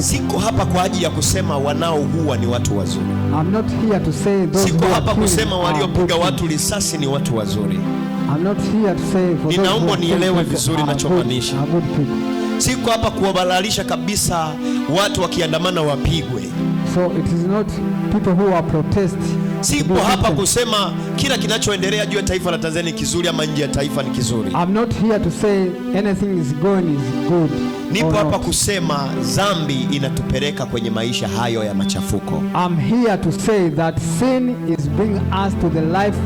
Siko hapa kwa ajili ya kusema wanaohua ni watu wazuri. I'm not here to say those siko hapa kusema waliopiga watu risasi ni watu wazuri. I'm not here to say for ninaomba nielewe vizuri nachomaanisha. Siko hapa kuwabalalisha kabisa watu wakiandamana wapigwe. So it is not people who are protesting Sipo hapa kusema kila kinachoendelea juu ya taifa la Tanzania ni kizuri ama nje ya taifa ni kizuri. I'm not here to say anything is going is good. Nipo hapa kusema dhambi inatupeleka kwenye maisha hayo ya machafuko. I'm here to say that sin is bringing us to the life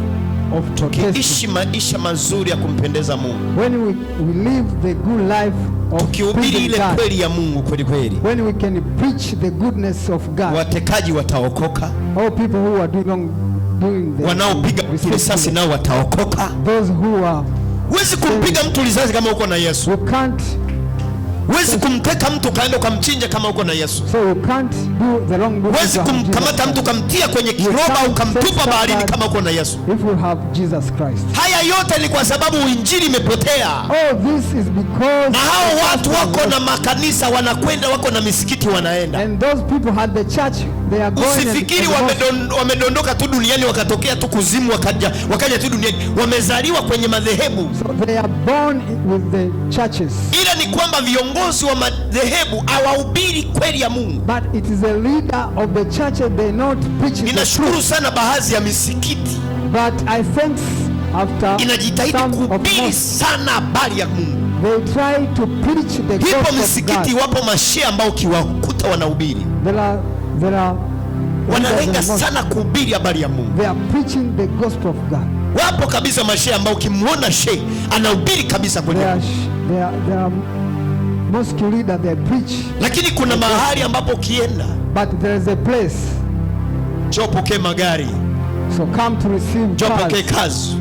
tukiishi maisha mazuri ya kumpendeza Mungu, when we, we live the good life tukihubiri ile kweli ya Mungu kweli kweli, when we can preach the goodness of God, watekaji wataokoka. All people who are doing wanaopiga risasi nao wataokoka. Those who are, huwezi kumpiga mtu risasi kama uko na Yesu. We can't Huwezi kumteka mtu kaenda ukamchinja kama uko na Yesu. Huwezi kumkamata mtu kamtia kwenye kiroba ukamtupa baharini kama uko na Yesu. Haya yote ni kwa sababu injili imepotea, oh, na hao watu wako na makanisa wanakwenda, wako na misikiti wanaenda. Usifikiri wamedondoka tu duniani wakatokea tu kuzimu wakaja, wakaja tu duniani. Wamezaliwa kwenye madhehebu ila ni kwamba viongozi wa madhehebu hawahubiri kweli ya Mungu. Ninashukuru sana baadhi ya misikiti inajitahidi kuhubiri sana habari ya Mungu. Ipo misikiti, wapo mashia ambao kiwakuta wanahubiri wanalenga sana kuhubiri habari ya Mungu. They are preaching the gospel of God. Wapo kabisa mashehe ambao ukimwona shehe anahubiri kabisa kwenye they are, mosque leader they preach, lakini kuna mahali ambapo ukienda, but there is a place, njoo pokee magari, so come to receive, njoo pokee kazi,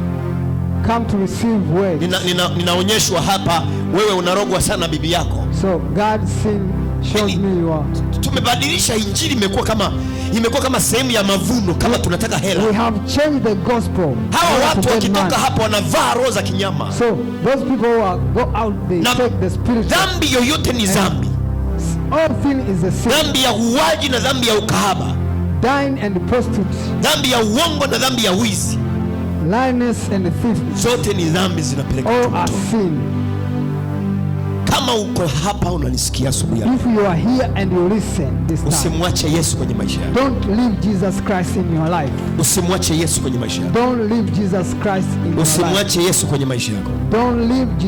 come to receive words. Nina, ninaonyeshwa hapa, wewe unarogwa sana bibi yako, so God seen showed me you are tumebadilisha injili, imekuwa kama imekuwa kama sehemu ya mavuno, kama tunataka hela. We have changed the gospel. Hawa watu wakitoka hapo wanavaa roho za kinyama. So those people who are go out they na take the spirit. Dhambi yoyote ni dhambi. All sin is a sin. Dhambi ya uwaji na dhambi ya ukahaba. Dying and prostitute. Dhambi ya uongo na dhambi ya wizi. Lioness and thief. Zote ni dhambi zinapeleka. All are sin. Kama uko hapa unanisikia asubuhi, usimwache Yesu kwenye maisha yako. Don't leave Jesus Christ in your life. Usimwache Yesu kwenye maisha yako. Don't leave Jesus Christ in your life. Usimwache Yesu kwenye maisha yako. Don't leave Jesus